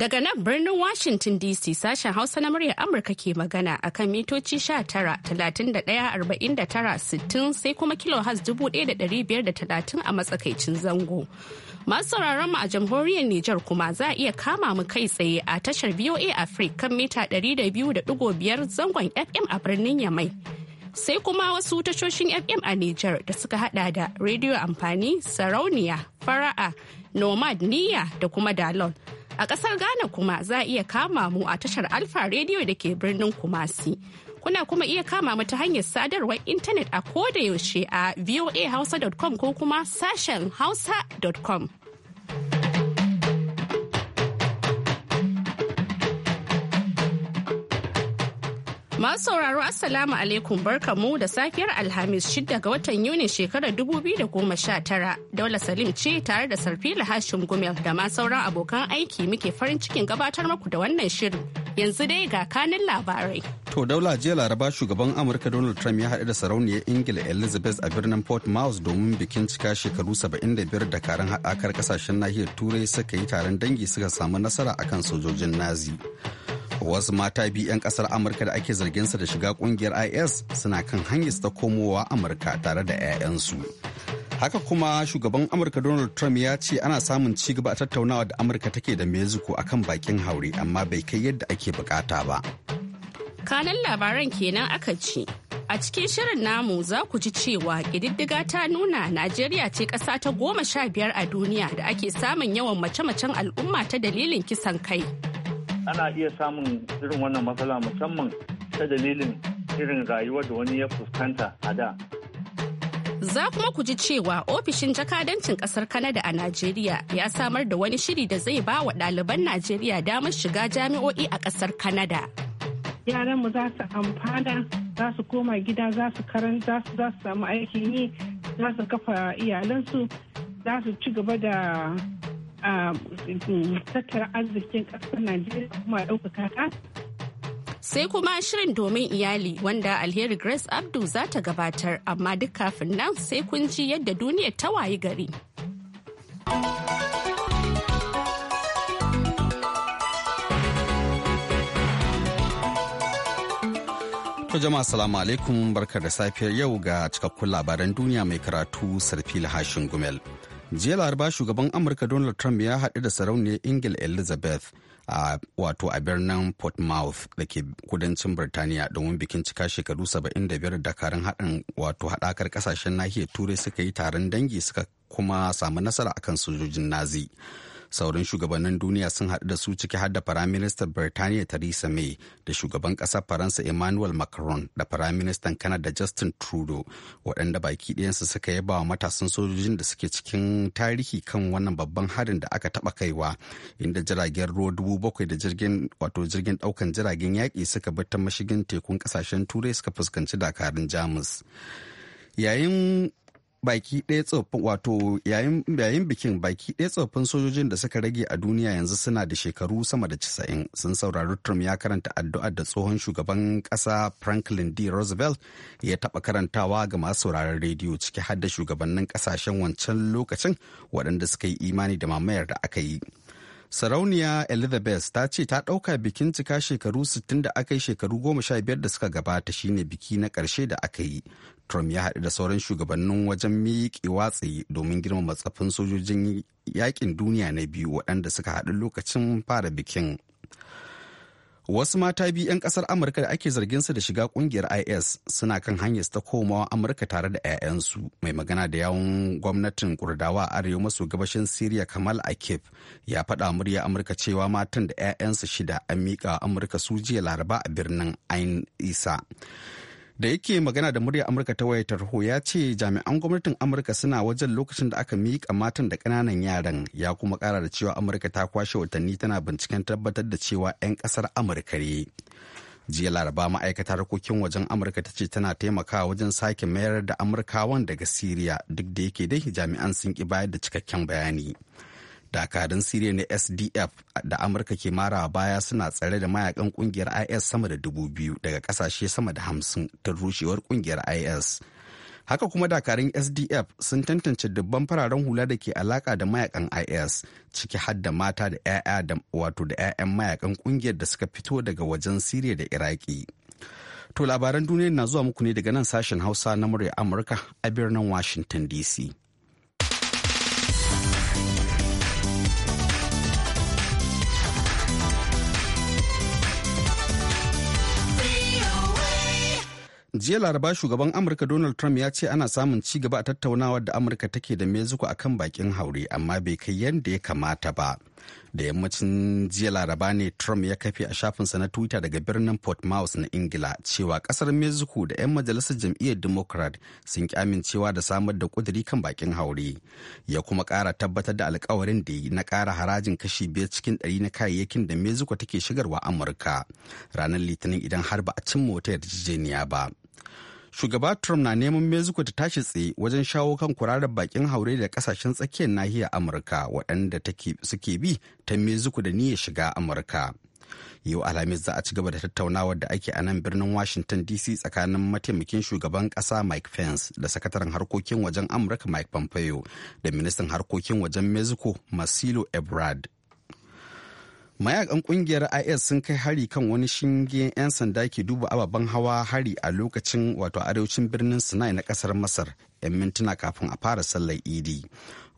Daga nan birnin Washington DC sashen Hausa na muryar Amurka ke magana a kan mitoci 19 sai kuma kilohaz 1530 a matsakaicin zango. Masu sauraron mu a jamhuriyar Nijar kuma za a iya kama mu kai tsaye a tashar VOA Africa kan mita 200.5 zangon FM a birnin Yamai. sai kuma wasu tashoshin FM a Nijar da suka hada da rediyo amfani, sarauniya, fara'a, nomad, niyya da kuma dalol. A ƙasar Ghana kuma za a iya kama mu a tashar Alfa Radio da ke birnin Kumasi. Kuna kuma iya kama mu ta hanyar sadarwar intanet a koda yaushe a voahausa.com ko kuma sashen hausa.com. Masu sauraro Assalamu alaikum barkamu da safiyar Alhamis shidda ga watan Yuni shekarar 2019. Daula Salim ce tare da Sarfila Hashim Gumel da ma sauran abokan aiki muke farin cikin gabatar muku da wannan shirin. Yanzu dai ga kanin labarai. To daula jiya laraba shugaban Amurka Donald Trump ya haɗu da sarauniyar Ingila Elizabeth a birnin Port Mouse domin bikin cika shekaru 75 da karan haɗakar kasashen nahiyar Turai suka yi taron dangi suka samu nasara akan sojojin Nazi. wasu mata biyu 'yan kasar amurka da ake zargin su da shiga kungiyar is suna kan hanyar ta komowa amurka tare da 'ya'yansu haka kuma shugaban amurka donald trump ya ce ana samun ci gaba a tattaunawa da amurka take da mexico akan bakin haure amma bai kai yadda ake bukata ba kanan labaran kenan aka ce a cikin shirin namu za ku ji cewa ƙididdiga ta nuna najeriya ce ƙasa ta goma sha biyar a duniya da ake samun yawan mace-macen al'umma ta dalilin kisan kai ana iya samun irin wannan matsala musamman ta dalilin irin rayuwar da wani ya fuskanta a da. Za kuma ku ji cewa ofishin jakadancin kasar Kanada a Najeriya ya samar da wani shiri da zai ba wa ɗaliban Najeriya damar shiga jami'o'i a kasar Kanada. Yaranmu za su amfana, za su koma gida, za su karanta, za su samu aikin yi, za su kafa iyalansu, za su ci gaba da a mm, tattara arzikin ƙasar Najeriya kuma ɗaukaka ta. Sai kuma shirin domin iyali wanda alheri Grace Abdu za ta gabatar amma duk kafin nan sai kun ji yadda duniyar ta wayi gari. To jama'a salamu alaikum barka da safiyar yau ga cikakkun labaran duniya mai karatu sarfil hashin gumel. jiya laraba shugaban amurka donald trump ya haɗu da sarauniyar ingila elizabeth a wato a birnin portmouth da ke kudancin birtaniya domin bikin cika shekaru 75 da dakarun haɗin wato haɗakar kasashen nahiyar turai suka yi taron dangi suka kuma samu nasara akan sojojin nazi Sauran shugabannin duniya sun haɗu da su ciki har da Firaministan Birtaniya Theresa May da shugaban ƙasar Faransa Emmanuel Macron da Firaministan Canada Justin Trudeau waɗanda baki ɗayansu suka yaba wa matasan sojojin da suke cikin tarihi kan wannan babban harin da aka taɓa kaiwa inda jiragen ruwa dubu bakwai da jirgin wato jirgin ɗaukan jiragen yaƙi suka bi ta mashigin tekun ƙasashen Turai suka fuskanci dakarun Jamus. Yayin baki ɗaya tsoffin wato yayin bikin baki ɗaya tsoffin sojojin da suka rage a duniya yanzu suna da shekaru sama da casa'in sun saurari Trump ya karanta addu'ar da tsohon shugaban ƙasa Franklin D. Roosevelt ya taɓa karantawa ga masu sauraron rediyo ciki har da shugabannin ƙasashen wancan lokacin waɗanda suka yi imani da mamayar da aka yi. Sarauniya Elizabeth ta ce ta ɗauka bikin cika shekaru 60 da aka yi shekaru 15 da suka gabata shine biki na ƙarshe da aka yi Trump ya haɗu da sauran shugabannin wajen miƙewa watsi domin girmama tsafin sojojin yaƙin duniya na biyu waɗanda suka haɗu lokacin fara bikin. Wasu mata biyu 'yan ƙasar Amurka da ake zargin su da shiga ƙungiyar IS suna kan hanyar ta komawa Amurka tare da 'ya'yansu. Mai magana da yawun gwamnatin Kurdawa a arewa maso gabashin Siriya Kamal Akif ya faɗa murya Amurka cewa matan da 'ya'yansu shida an miƙa Amurka su jiya Laraba a birnin Ain Isa. da yake magana da murya amurka ta waya tarho ya ce jami'an gwamnatin amurka suna wajen lokacin da aka miƙa matan da ƙananan yaran ya kuma ƙara da cewa amurka ta kwashe watanni tana binciken tabbatar da cewa 'yan ƙasar amurka ne jiya laraba ma'aikatar harkokin wajen amurka ta ce tana taimakawa wajen sake mayar da amurkawan daga siriya duk da yake dai jami'an sun ƙi bayar da cikakken bayani dakarun siriya na sdf da amurka ke marawa baya suna tsare da mayakan kungiyar is sama da dubu biyu daga kasashe sama da hamsin ta rushewar kungiyar is haka kuma dakarun sdf sun tantance dubban fararen hula da ke alaka da mayakan is ciki har da mata da 'ya'ya da wato da 'ya'yan mayakan kungiyar da suka fito daga wajen siriya da iraki to labaran duniya na zuwa muku ne daga nan sashen hausa na murya amurka a birnin washington dc jiya laraba shugaban amurka donald trump ya ce ana samun ci gaba a tattaunawa da amurka take da mexico a kan bakin haure amma bai kai yadda ya kamata ba da yammacin jiya laraba ne trump ya kafe a shafinsa na twitter daga birnin mouse na ingila cewa kasar mexico da 'yan majalisar jam'iyyar democrat sun ki amincewa da samar da kuduri kan bakin haure ya kuma kara tabbatar da alkawarin da yi na kara harajin kashi biyar cikin ɗari na kayayyakin da mexico take shigarwa amurka ranar litinin idan har ba a cimma wata yarjejeniya ba shugaba trump na neman mexico ta tashi tsaye wajen shawo kan kurarar bakin haure da kasashen tsakiyar nahiyar amurka waɗanda suke bi ta mexico da niyyar shiga amurka yau alhamis za a ci gaba da tattaunawar da ake a nan birnin washington dc tsakanin mataimakin shugaban kasa mike pence da sakataren harkokin wajen amurka mike pompeo da ministan harkokin wajen mexico marcelo ebrard mayakan kungiyar is sun kai hari kan wani shinge 'yan sanda ke duba ababen hawa hari a lokacin wato arewacin birnin sinai na kasar masar 'yan mintuna kafin a fara sallar idi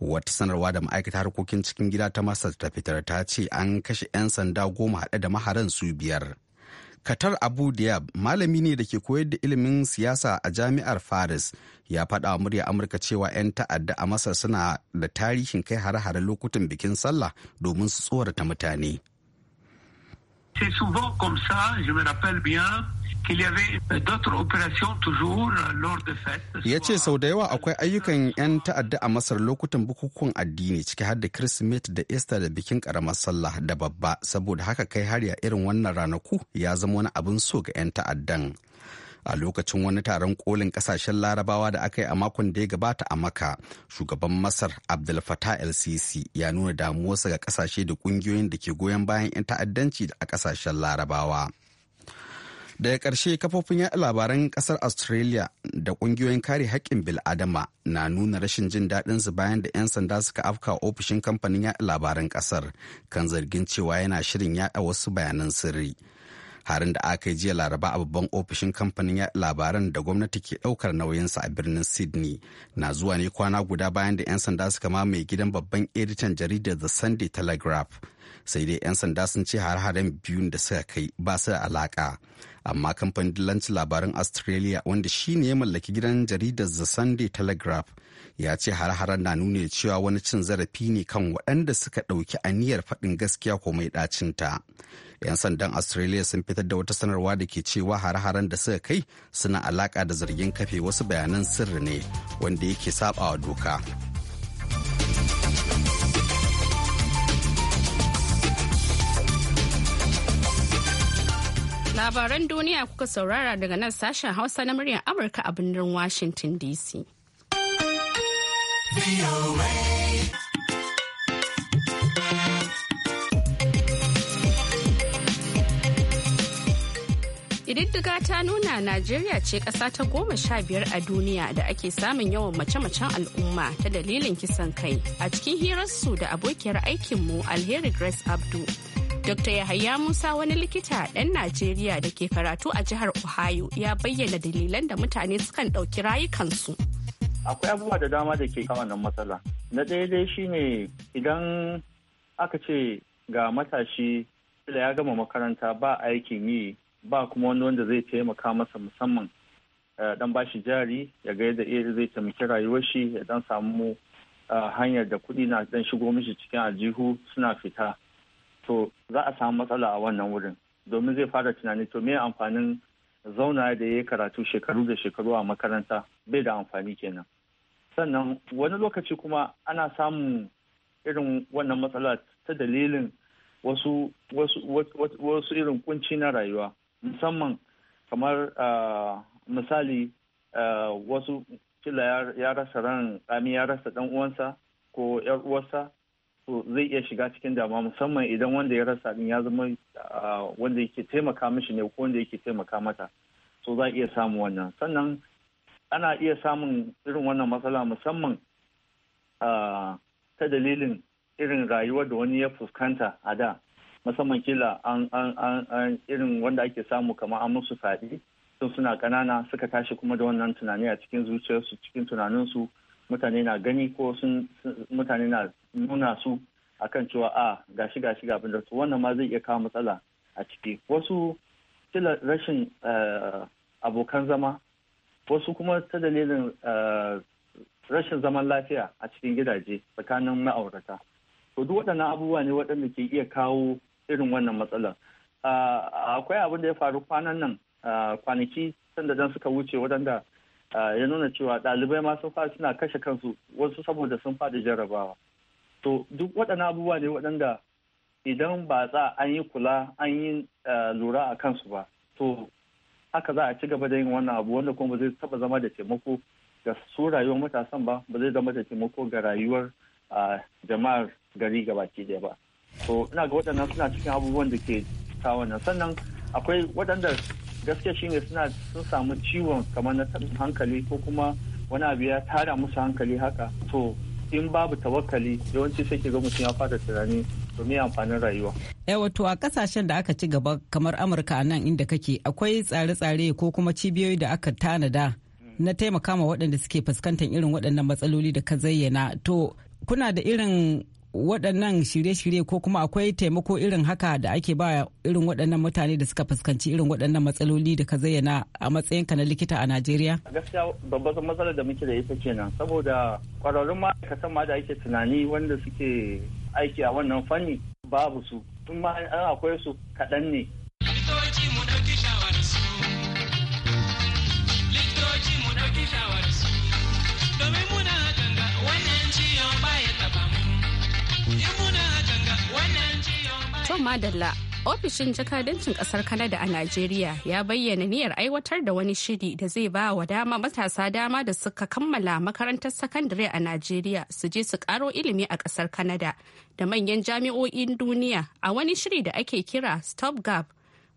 wata sanarwa da ma'aikata harkokin cikin gida ta masar ta fitar ta ce an kashe 'yan sanda goma haɗe da maharan su biyar Katar Abu Diab malami ne da ke koyar da ilimin siyasa a jami'ar Faris ya faɗa wa murya Amurka cewa 'yan ta'adda a Masar suna da tarihin kai hare-hare lokutan bikin sallah domin su tsorata mutane. C'est souvent comme ça, je me rappelle bien, ya ce sau da yawa akwai ayyukan 'yan ta'adda a masar lokutan bukukuwan addini ciki har da kirsimeti da easter da bikin karamar sallah da babba saboda haka kai har ya irin wannan ranaku ya zama wani abin so ga 'yan ta'addan a lokacin wani taron kolin kasashen larabawa da aka yi a makon da ya gabata a maka shugaban masar abdul fatah el sisi ya nuna damuwarsa ga kasashe da kungiyoyin da ke goyon bayan 'yan ta'addanci a kasashen larabawa daga ƙarshe kafofin yaɗa labaran ƙasar australia da ƙungiyoyin kare haƙƙin bil'adama na nuna rashin jin daɗin su bayan da 'yan sanda suka afka ofishin kamfanin yaɗa labaran ƙasar kan zargin cewa yana shirin yaɗa wasu bayanan sirri harin da aka yi jiya laraba a babban ofishin kamfanin labaran da gwamnati ke daukar nauyinsa a birnin sydney na zuwa ne kwana guda bayan da 'yan sanda suka mamaye gidan babban editan jaridar the sunday telegraph sai dai 'yan sanda sun ce har-haren biyun da suka kai ba su da alaka amma kamfanin dillanci labaran australia wanda shi ne ya mallaki gidan jaridar the sunday telegraph ya ce har-haren na nuna cewa wani cin zarafi ne kan waɗanda suka ɗauki aniyar faɗin gaskiya ko mai ɗacinta. ta 'Yan sandan Australia sun fitar da wata sanarwa da ke cewa hare-haren da suka kai suna alaka da zargin kafe wasu bayanan sirri ne wanda yake sabawa doka. Labaran duniya kuka saurara daga nan sashen Hausa na muryar Amurka a birnin Washington DC. kididdiga ta nuna Najeriya ce ƙasa ta goma sha biyar a duniya da ake samun yawan mace-macen al'umma ta dalilin kisan kai a cikin hirarsu da abokiyar aikinmu Alheri Grace Abdu. Dr. Yahaya Musa wani likita ɗan Najeriya da ke karatu a jihar Ohio ya bayyana dalilan da mutane sukan ɗauki rayukansu. Akwai abubuwa da dama da ke kama matsala. Na ɗaya dai shi ne idan aka ce ga matashi da ya gama makaranta ba aikin yi ba kuma wani wanda zai taimaka masa musamman eh, dan ba bashi jari ya ga yadda iya eh, zai taimaki rayuwar shi ya dan samu eh, hanyar da kuɗi na dan shigo mishi cikin aljihu suna fita to za a samu matsala a wannan wurin domin zai fara tunani to me amfanin zauna da ya karatu shekaru da shekaru a makaranta bai da amfani kenan sannan wani lokaci kuma ana samun irin wannan matsala ta dalilin wasu wasu irin kunci na rayuwa musamman kamar misali wasu kila ya rasa ran kami ya rasa dan uwansa ko yar uwarsa to zai iya shiga cikin damuwa musamman idan wanda ya rasa din ya zama wanda yake taimaka mishi ne ko wanda yake taimaka mata so za iya samun wannan sannan ana iya samun irin wannan matsala musamman ta dalilin irin rayuwar da wani ya fuskanta a da musamman kila an an an irin wanda ake samu kamar an musu fadi sun suna kanana suka tashi kuma da wannan tunani a cikin zuciyarsu cikin tunaninsu mutane na gani ko sun mutane na nuna su akan cewa a gashi gashi ga abin da su wannan ma zai iya kawo matsala a ciki wasu kila rashin eh, abokan zama wasu kuma ta dalilin eh, rashin zaman lafiya a cikin gidaje tsakanin ma'aurata to duk waɗannan abubuwa ne waɗanda ke iya kawo irin wannan matsalar akwai abin da ya faru kwanan nan kwanaki sanda dan suka wuce waɗanda ya nuna cewa ɗalibai ma sun fara suna kashe kansu wasu saboda sun faɗi jarrabawa to duk waɗannan abubuwa ne waɗanda idan ba za an yi kula an yi lura a kansu ba to haka za a ci gaba da yin wannan abu wanda kuma ba zai taɓa zama da taimako ga su rayuwar matasan ba ba zai zama da taimako ga rayuwar jama'ar gari gabaki ɗaya ba. to ina ga waɗannan suna cikin abubuwan da ke sa wannan sannan akwai waɗanda gaske shine suna sun samu ciwon kamar na hankali ko kuma wani abu ya tara musu hankali haka to in babu tawakkali yawanci sai ke ga mutum ya fara tunani domin amfanin rayuwa. Yawa eh, wato a kasashen da aka ci gaba kamar Amurka a nan inda kake akwai tsare-tsare ko kuma cibiyoyi da aka tanada na taimaka ma waɗanda suke fuskantar irin waɗannan matsaloli da ka zayyana to kuna da irin waɗannan shirye-shirye ko kuma akwai taimako irin haka da ake ba irin waɗannan mutane da suka fuskanci irin waɗannan matsaloli da ka zayyana a matsayinka na likita a Najeriya? Gaskiya babbar matsalar da muke da ita kenan saboda ƙwararrun ma'aikatan ma da ake tunani wanda suke aiki a wannan fanni babu su. Tun ma an akwai su kaɗan ne. Likitoci mu ɗauki shawararsu. Tom Madalla ofishin jakadancin ƙasar Kanada a Najeriya ya bayyana niyyar aiwatar da wani shiri da zai ba wa dama matasa dama da suka kammala makarantar sakandare a Najeriya su je su karo ilimi a ƙasar Kanada da manyan jami'o'in duniya a wani shiri da ake kira Stop Gap.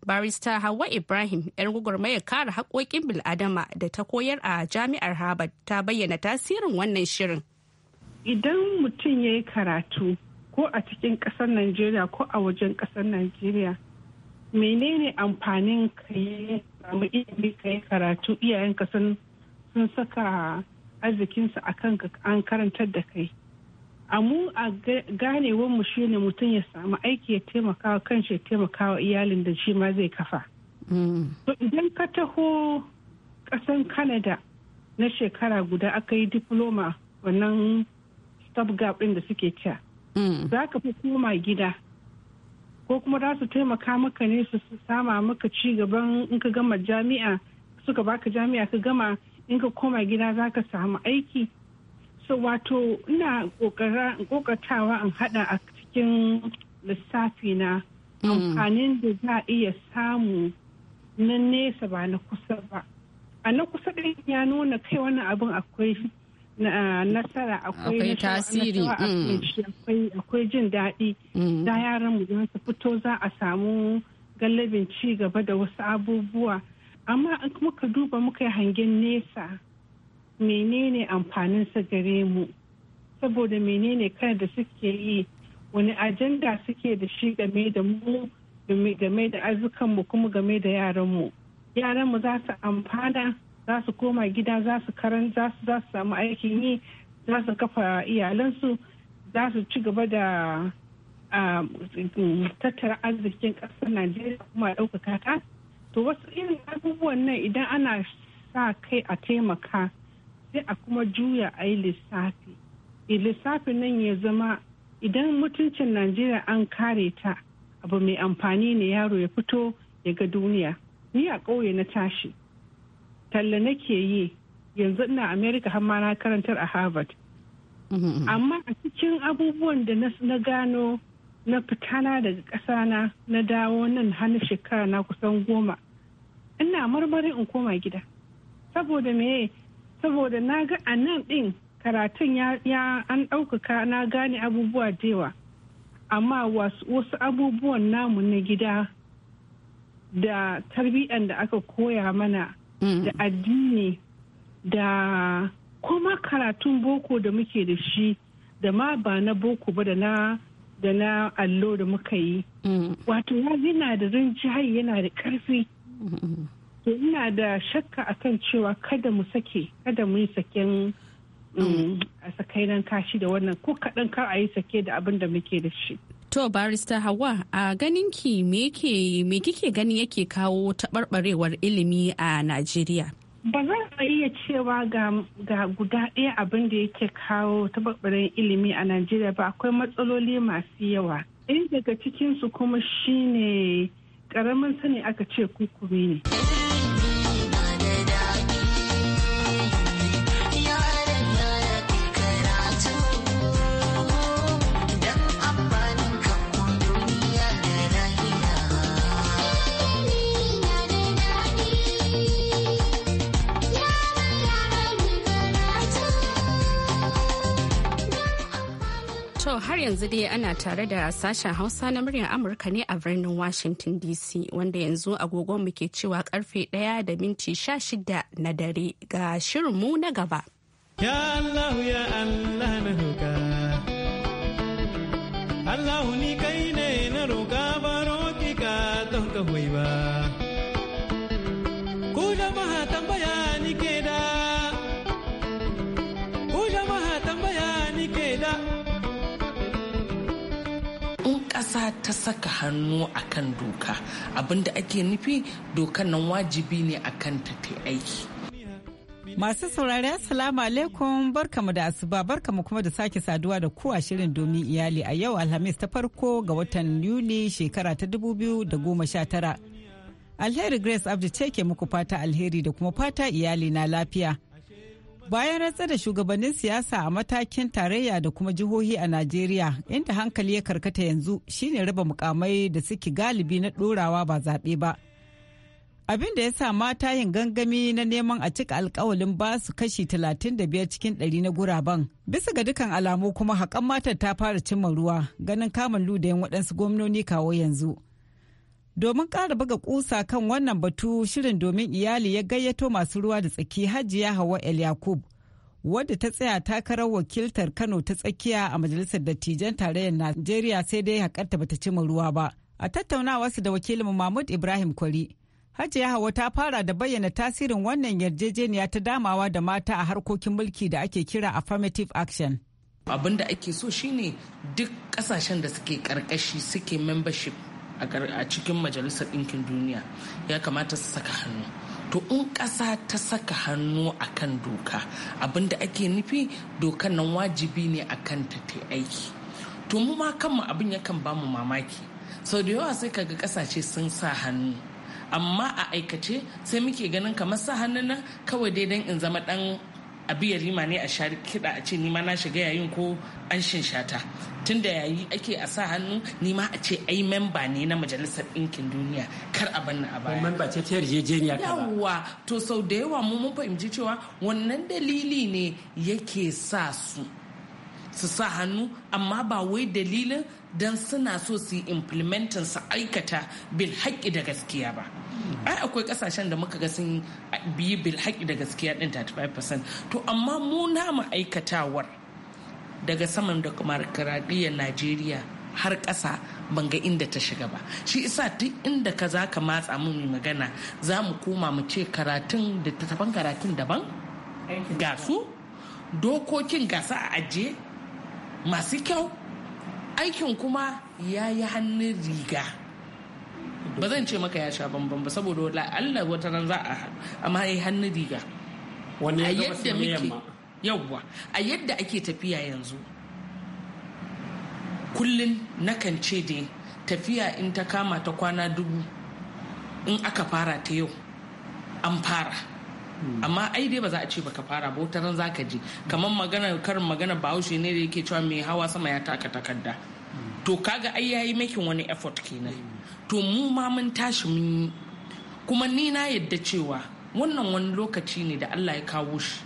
Barista Hauwa Ibrahim 'yar gwagwarmayar kare haƙoƙin bil'adama da ta koyar a jami'ar Harvard ta bayyana tasirin wannan shirin. Idan mutum ya yi karatu ko a cikin ƙasar Najeriya ko a wajen ƙasar Najeriya. Menene amfanin ka yi samu ilimi ka yi karatu iyayenka sun sun saka arzikinsu a kan an karantar da kai. A mu a ganewar mu shine ne mutum ya samu aiki ya taimakawa kan ya taimakawa iyalin da shi ma zai kafa. Mm. To idan ka taho ƙasan Canada na shekara guda aka yi diploma wannan stop gap ɗin da suke cewa. Mm. za ka fi koma gida ko kuma za su taimaka maka ne su sama maka ci gaban in ka gama jami'a suka baka jami'a ka gama in ka koma gida za ka samu aiki so wato ina kokatawa in hada a cikin lissafi na mm. amfanin da za a iya samu na nesa ba na kusa ba a na kusa ɗin ya nuna kai wannan abin akwai nasara akwai tasiri mm. akwai jin daɗi mm. da yaran mu don su fito za a samu gallabin ci gaba da wasu abubuwa amma in muka duba muka yi hangen nesa menene amfanin sa gare mu saboda menene kan da suke yi wani ajanda suke da shi game da mu game da mu kuma game da yaranmu yaranmu za su amfana za su koma gida za su karan za su samu aikin yi za su kafa iyalansu za su ci gaba da tattara arzikin ƙasar najeriya kuma ɗaukaka ta to wasu irin abubuwan nan idan ana sa kai a taimaka sai a kuma juya a yi lissafi e, lissafi nan ya zama idan mutuncin najeriya an kare ta abu mai amfani ne yaro ya fito ya ga duniya ni a ƙauye na tashi talle nake yi yanzu ina america har ma na karantar a harvard mm-hmm. amma a cikin abubuwan da na gano na fitana daga ƙasana na dawo nan hannun shekara na kusan goma ina marmarin in koma gida saboda me saboda na ga a nan ɗin karatun ya an ɗaukaka na gane abubuwa da yawa amma wasu abubuwan namu na gida da tarbiyyar da aka koya mana Mm. da addini da kuma karatun boko da muke da shi da ma ba na boko ba da na da na allo da muka yi mm. wato ya zina da rinjaye yana da karfi to ina da shakka akan cewa kada mu sake kada mu yi saken mm. a sakainan kashi da wannan ko kaɗan kar a yi sake da abin da muke da shi To barista Hawa a ganin ki me kike gani yake kawo taɓarɓarewar ilimi a Najeriya? Ba zan iya cewa ga guda ɗaya abin da yake kawo taɓarɓarewar ilimi a Najeriya ba akwai matsaloli masu yawa. Ɗaya daga cikinsu kuma shine ƙaramin sani aka ce kukuri ne. To har yanzu dai ana tare da sashen Hausa na muryar Amurka ne a birnin Washington DC wanda yanzu agogon mu ke cewa karfe ɗaya da minti sha shida na dare ga shirinmu na gaba. Ya Allah ya Allah na roƙa. Allah ni kai ne na roƙa baro ki ka don ka ba. ta saka hannu a kan doka abinda ake nufi dokan nan wajibi ne a kan ta aiki masu saurari assalamu alaikum barkamu da asuba barkamu kuma da sake saduwa da kuwa shirin domin iyali a yau alhamis ta farko ga watan yuni shekara ta 2019 alheri grace abdi ce ke muku fata alheri da kuma fata iyali na lafiya bayan rantsar da shugabannin siyasa a matakin tarayya da kuma jihohi a najeriya inda hankali ya karkata yanzu shine raba mukamai da suke galibi na dorawa ba zaɓe ba abin da ya sa mata yin gangami na neman a cika alkawalin ba su kashi 35 cikin 100 na guraben bisa ga dukan alamu kuma haƙan matar ta fara cimma ruwa ganin kamun ludayin waɗansu gwamnoni kawo yanzu Domin ƙara buga kusa kan wannan batu shirin domin iyali ya gayyato masu ruwa da tsaki Hajiya Hawa El Yakub wadda ta tsaya takarar wakiltar Kano ta tsakiya a Majalisar Dattijan Tarayyar Najeriya sai dai hakarta bata cima ruwa ba. A tattaunawarsu da wakilin Mahmud Ibrahim Kwari. Hajiya Hawa ta fara da bayyana tasirin wannan yarjejeniya ta damawa da mata a harkokin mulki da ake kira affirmative action. Abin da ake so shine duk ƙasashen da suke karkashi suke membership a cikin majalisar ɗinkin duniya ya kamata su saka hannu to in ƙasa ta saka hannu akan kan doka abinda ake nufi dokan nan wajibi ne a kan ta ta aiki to mu ma kanmu abin yakan ba mu mamaki sau da yawa sai kaga ƙasashe sun sa hannu amma a aikace sai muke ganin kamar sa hannu nan kawai dai in zama ɗan a biyar rima ne a shari kiɗa a ce nima na shiga yayin ko an shata tun da yayi ake a sa hannu nima a ce ai memba ne na majalisar ɗinkin duniya kar a banna a baya. memba ce ta yarjejeniya ba yawwa to sau da yawa mun fahimci cewa wannan dalili ne yake sa su su sa hannu amma ba wai dalilin don suna so su yi implementin su aikata bil haƙƙi da gaskiya ba ai akwai kasashen da muka ga sun biyi bil haƙƙi da gaskiya ɗin 35% to amma mu na aikatawar daga saman da markaradiyyar najeriya har ƙasa ban ga inda ta shiga ba shi isa duk inda ka za ka matsa mun magana za mu koma mu ce karatun da taban karatun daban ga su dokokin gasa a ajiye masu kyau aikin kuma ya yi hannun riga ba zan ce maka ya sha bambam ba saboda Allah wata nan za a amma ya yi hannun riga wani ya yadda muke yawwa a yadda ake tafiya yanzu kullum nakan ce dai tafiya in ta kama ta kwana dubu in aka fara ta yau an fara amma ai dai ba za a ce baka fara ba wata ran ka je kamar magana karin magana bahaushe ne da yake cewa mai hawa sama ya taka takarda to kaga ai yayi makin wani effort kenan to mu ma mun tashi mun yi kuma ni na yadda cewa wannan wani lokaci ne da Allah ya kawo shi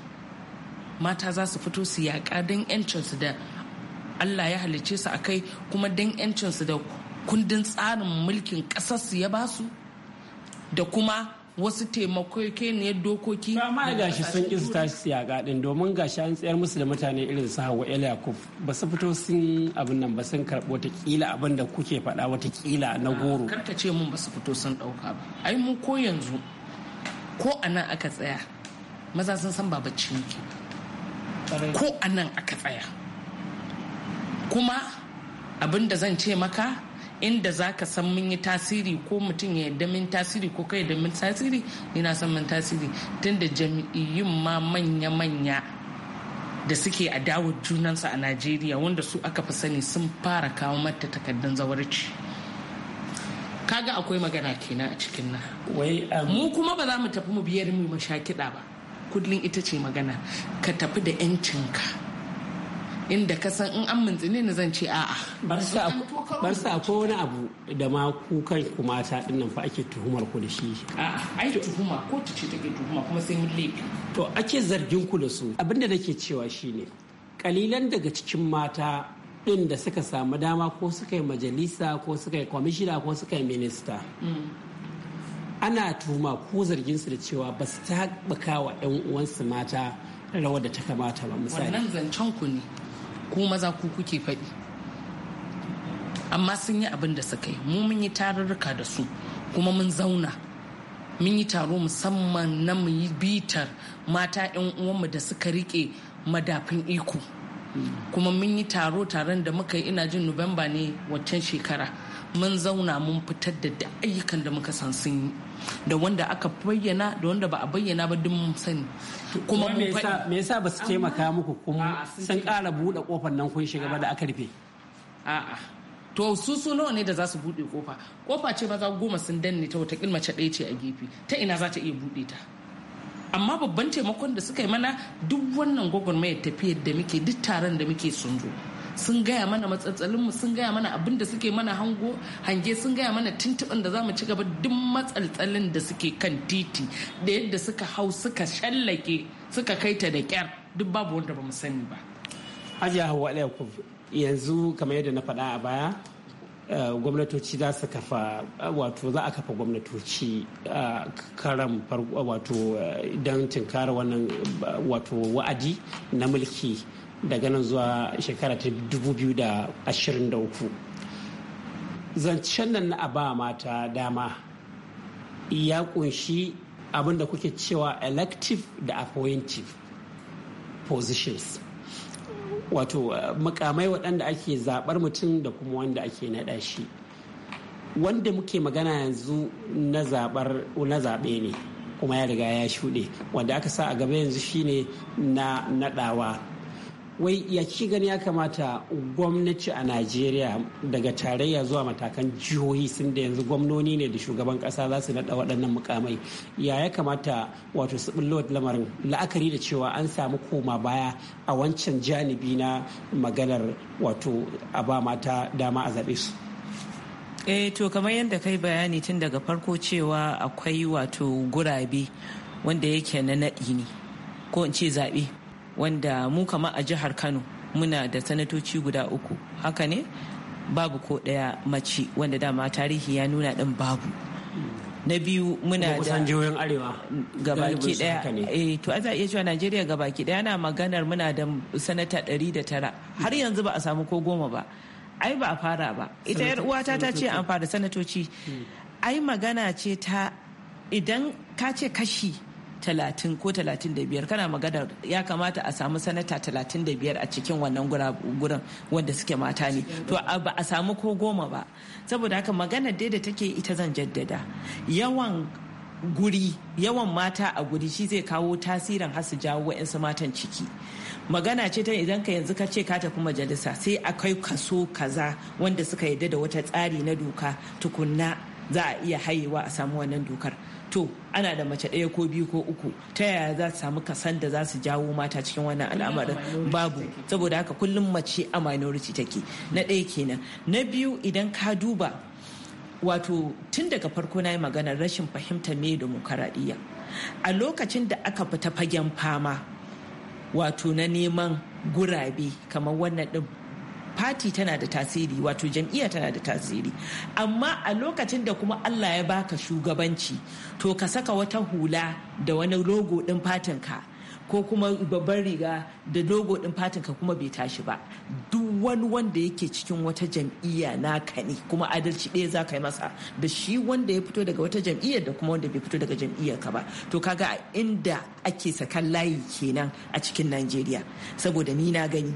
mata za su fito su yaƙa don 'yancinsu da Allah ya halicce su a kai kuma don 'yancinsu da kundin tsarin mulkin ƙasarsu ya basu da kuma wasu taimakokeniyar dokoki ba ma shi sun ƙi su tashi siyaga din domin gashi an tsayar musu da mutane irin su hawa el yakub ba su fito sun abin nan ba sun karɓo watakila abin da kuke faɗa wata kila na goro karka ce mun ba su fito sun ɗauka ba ai mu ko yanzu ko a nan aka tsaya maza sun san ba bacci ko a nan aka tsaya kuma abin da zan ce maka inda za ka san mun yi tasiri ko mutum ya yadda min tasiri ko kai da min tasiri ni na san mun tasiri tunda jam'iyyun ma manya-manya da suke a dawo junansa a najeriya wanda su aka fi sani sun fara kawo mata takardun zawarci kaga akwai magana kenan a cikin nan um, mu kuma ba za mu tafi mu biyar mu mashakiɗa ba kullum ita ce magana ka tafi da 'yancinka inda ka san in an ne ni zan ce a'a bar sa ko wani abu da ma ku kan ku mata din nan fa ake tuhumar ku da shi a'a ai tuhuma ko ta ce take tuhuma kuma sai mun laifi to ake zargin ku da su abinda nake cewa shine kalilan daga cikin mata din da suka samu dama ko suka yi majalisa ko suka yi kwamishina ko suka yi minista mm. ana tuhuma ko zargin su da cewa ba su ta bakawa 'yan uwansu mata rawar da ta kamata ba misali wannan zancen ku ne ku maza ku kuke faɗi amma sun yi abin da suka yi mu mun yi tarurruka da su kuma mun zauna mun yi taro musamman na mu yi bitar mata 'yan uwanmu da suka rike madafin iko hmm. kuma mun yi taro taron da muka yi ina jin nuwamba ne waccan shekara mun zauna mun fitar da duk ayyukan da muka san sun yi da wanda aka bayyana da wanda ba a bayyana ba duk mun sani kuma mun faɗi me yasa ba su taimaka muku kuma sun ƙara buɗe kofar nan kun shiga ba da aka rufe a'a to su su nawa ne da za su buɗe kofa kofa ce ba ku goma sun danne ta wata mace ɗaya ce a gefe ta ina za ta iya buɗe ta amma babban taimakon da suka yi mana duk wannan gwagwarmayar tafiyar da muke duk taron da muke sun zo sun gaya mana matsatsalinmu sun gaya mana abin da suke mana hango hange sun gaya mana tuntuɓin da za mu ci gaba duk matsaltsalin da suke kan titi da yadda suka hau suka shallake suka kai ta da kyar duk babu wanda ba mu sani ba. Hajiya Hauwa Yakub yanzu kamar yadda na faɗa a baya eh, gwamnatoci za su kafa eh, wato za a kafa gwamnatoci eh, karan wato don tinkara wannan wato wa'adi na mulki daga nan zuwa shekara ta 2023 zancen nan na a ba mata dama ya kunshi abin da kuke cewa elective da appointive positions wato eh, mukamai waɗanda ake zaɓar mutum da kuma wanda ake naɗa shi wanda muke magana yanzu na zaɓe ne kuma ya riga ya shuɗe wanda aka sa a gaba yanzu shine na naɗawa wai ya ci gani ya kamata gwamnati a najeriya daga tarayya zuwa matakan jihohi sun da yanzu gwamnoni ne da shugaban kasa za su naɗa waɗannan mukamai ya ya kamata wato su bullo lamarin la'akari da cewa an samu koma baya a wancan janibi na maganar wato a ba mata dama a zaɓe su eh to kamar yadda kai bayani tun daga farko cewa akwai wato gurabe wanda yake na naɗi ne ko in ce zaɓe wanda mu kama a jihar kano muna da sanatoci guda uku haka ne babu ko ɗaya mace wanda dama tarihi ya nuna ɗin babu na biyu muna da jihohin arewa gabaki daya eh to za iya cewa Najeriya gabaki daya na maganar muna da sanata 109 har yanzu ba a samu ko goma ba ai ba a fara ba ita yar uwata ta ce an fara sanatoci hmm. ai magana ce ta idan ka ce kashi talatin ko talatin da biyar kana magana ya kamata a samu sanata talatin da biyar a cikin wannan gurin wanda suke mata ne to ba a samu ko goma ba saboda haka magana dai da take ita zan jaddada yawan guri yawan mata a guri shi zai kawo tasirin har su jawo wayansu matan ciki magana ce ta idan ka yanzu ka ce ka tafi majalisa sai akwai kaso kaza wanda suka yarda da wata tsari na doka tukunna za a iya hayewa a samu wannan dokar to ana da mace ɗaya ko biyu ko uku ta yaya za su samu kasan da za su jawo mata cikin wannan al'amarin babu saboda haka kullum mace a minority take na ɗaya kenan na biyu idan ka duba wato tun daga farko na yi maganar rashin fahimta me demokaradiyya a lokacin da aka fita fagen fama wato na neman gurabe kamar wannan ɗin fati tana da tasiri wato jam'iyya tana da tasiri amma a lokacin da kuma allah ya baka shugabanci to ka saka wata hula da wani logo din fatinka ko kuma babban riga da logo din fatinka kuma bai tashi ba duk wani wanda yake cikin wata jam'iyya naka ne kuma adalci ɗaya za ka yi masa da shi wanda ya fito daga wata jam'iyya da kuma wanda bai fito daga jam'iyyar ka ba to kaga a inda ake sakan layi kenan a cikin najeriya saboda ni na gani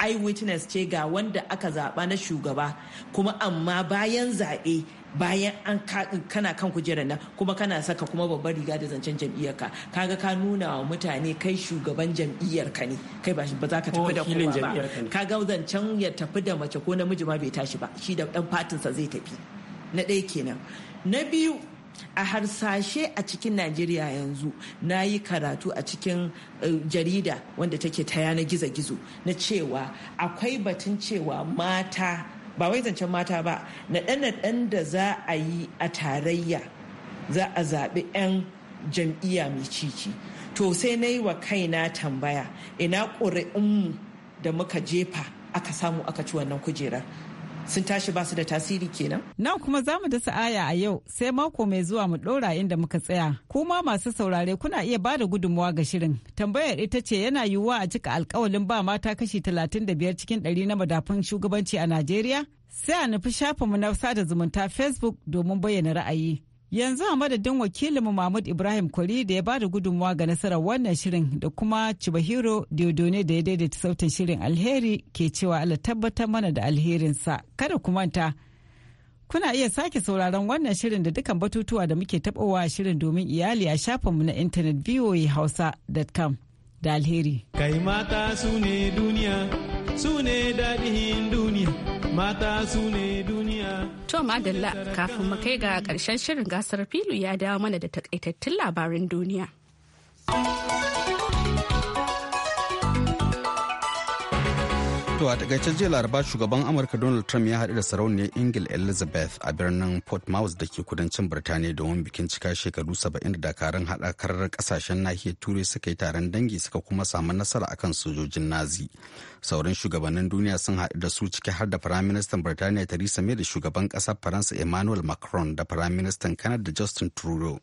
eyewitness ce ga wanda aka zaɓa na shugaba kuma amma bayan zaɓe bayan an kana kan kujerar nan kuma kana saka kuma babbar riga da zancen jam'iyyarka kaga ka nuna wa mutane kai shugaban jam'iyyarka ne kai ba za ka tafi da kowa ba kaga zancen ya tafi da mace ko namiji ma bai tashi ba shi da dan fatinsa zai tafi na ɗaya kenan na biyu a harsashe a cikin najeriya yanzu na yi karatu a cikin eh, jarida wanda take ta yanar gizo-gizo na cewa akwai batun cewa mata ba wai zancen mata ba na ɗan da za a yi a tarayya za a zaɓi 'yan jam'iyya mai cici to sai na yi wa na tambaya ina ƙuri'unmu da muka jefa aka samu aka ci wannan kujerar sun tashi basu da tasiri kenan. Nan kuma za mu dasa aya a yau sai mako mai zuwa mu ɗora inda muka tsaya. Kuma masu saurare kuna iya ba da gudunmawa ga shirin. Tambayar ita ce yana yiwuwa a cika alkawalin ba mata kashi talatin da biyar cikin ɗari na madafun shugabanci a Najeriya? Sai a nufi shafinmu na sada zumunta Facebook domin bayyana ra'ayi. Yanzu a madadin wakilinmu Mahmud Ibrahim Kwari da ya bada gudunmawa ga nasarar wannan shirin da kuma Chibahiro Diodone da ya daidaita sautin shirin alheri ke cewa Allah tabbatar mana da alherinsa kada ku manta. Kuna iya sake sauraron wannan shirin da dukkan batutuwa da muke tabowa shirin domin iyali a shafinmu na intanet voahausa.com. da alheri. Kai mata su ne duniya, su ne daɗin duniya, mata su ne duniya. To Madalla kafin mu kai ga ƙarshen shirin gasar filu ya dawo mana da takaitattun labaran duniya. To a takaicen jiya laraba shugaban Amurka Donald Trump ya haɗu da sarauniyar Ingil Elizabeth a birnin port Portmouth da ke kudancin Birtaniya domin bikin cika shekaru saba'in da dakarun haɗakar ƙasashen nahiyar Turai suka yi taron dangi suka kuma samu nasara kan sojojin Nazi. Sauran shugabannin duniya sun haɗu da su ciki har da Firaministan Birtaniya Theresa May da shugaban ƙasar Faransa Emmanuel Macron da Firaministan Canada Justin Trudeau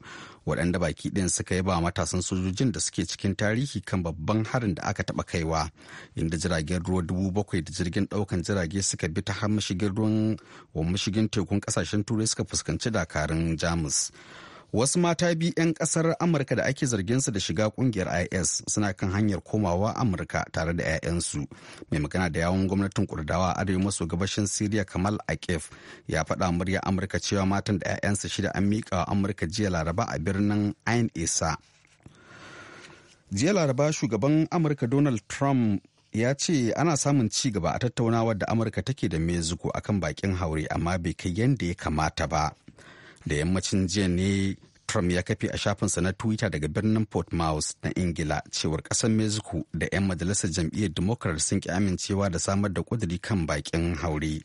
waɗanda baki ɗin suka ba matasan sojojin da suke cikin tarihi kan babban harin da aka taɓa kaiwa inda jiragen ruwa dubu bakwai da jirgin daukan jirage suka bi ta har mashigin ruwan wa mashigin tekun kasashen turai suka fuskanci dakarun jamus wasu mata biyu 'yan kasar amurka da ake zargin su da shiga kungiyar is suna kan hanyar komawa amurka tare da 'ya'yansu mai magana da yawon gwamnatin kurdawa arewa maso gabashin siriya kamal akif ya faɗa murya amurka cewa matan da 'yayansu shida an miƙa wa amurka jiya laraba a birnin ain isa jiya laraba shugaban amurka donald trump ya ce ana samun ci gaba a tattaunawar da amurka take da mexico kan bakin haure amma bai kai yadda ya kamata ba da yammacin jiya ne trump ya kafe a shafinsa na twitter daga birnin port mouse na ingila cewar kasar mexico da 'yan majalisar jam'iyyar democrat sun ki amincewa da samar da kuduri kan bakin haure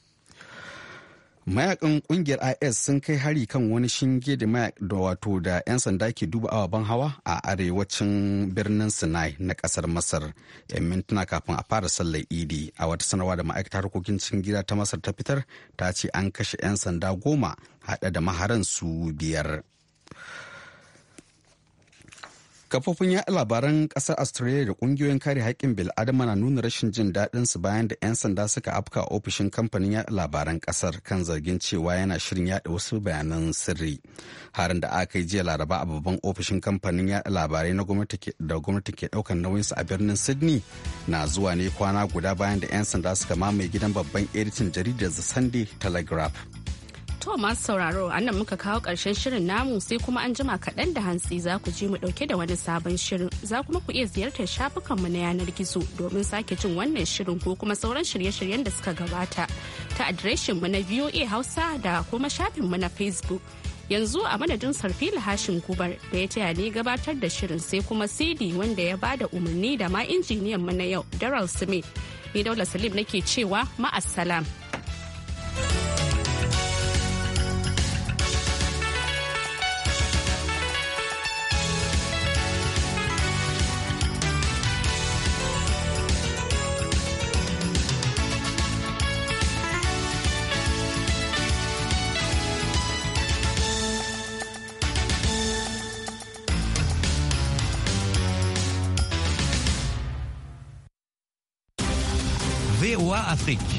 mayakan kungiyar is sun kai hari kan wani shinge da da wato da 'yan sanda ke duba awa ban hawa a arewacin birnin sinai na kasar masar yan mintuna kafin a fara sallar idi a wata sanarwa da ma'aikata harkokin cikin gida ta masar ta fitar ta ce an kashe 'yan sanda goma hada da maharan su biyar Kafofin ya labaran kasar Australia da ƙungiyoyin kare haƙƙin bil'adama na nuna rashin jin daɗin su bayan da 'yan sanda suka afka ofishin kamfanin ya labaran ƙasar kan zargin cewa yana shirin yaɗa wasu bayanan sirri. Harin da aka yi jiya laraba a babban ofishin kamfanin ya labarai na gwamnati da gwamnati ke ɗaukar su a birnin Sydney na zuwa ne kwana guda bayan da 'yan sanda suka mamaye gidan babban editan jaridar The Sunday Telegraph. To masu sauraro a nan muka kawo ƙarshen shirin namu sai kuma an jima kaɗan da hantsi za ku ji mu ɗauke da wani sabon shirin za kuma ku iya ziyartar shafukanmu na yanar gizo domin sake jin wannan shirin ko kuma sauran shirye-shiryen da suka gabata ta adireshin mu na VOA Hausa da kuma shafin mu na Facebook. Yanzu a madadin Sarfila hashin Gubar da ya taya ni gabatar da shirin sai kuma CD wanda ya bada umarni da ma injiniyan mu na yau Daryl Smith. Ni Daula Salim nake cewa ma'assalam. así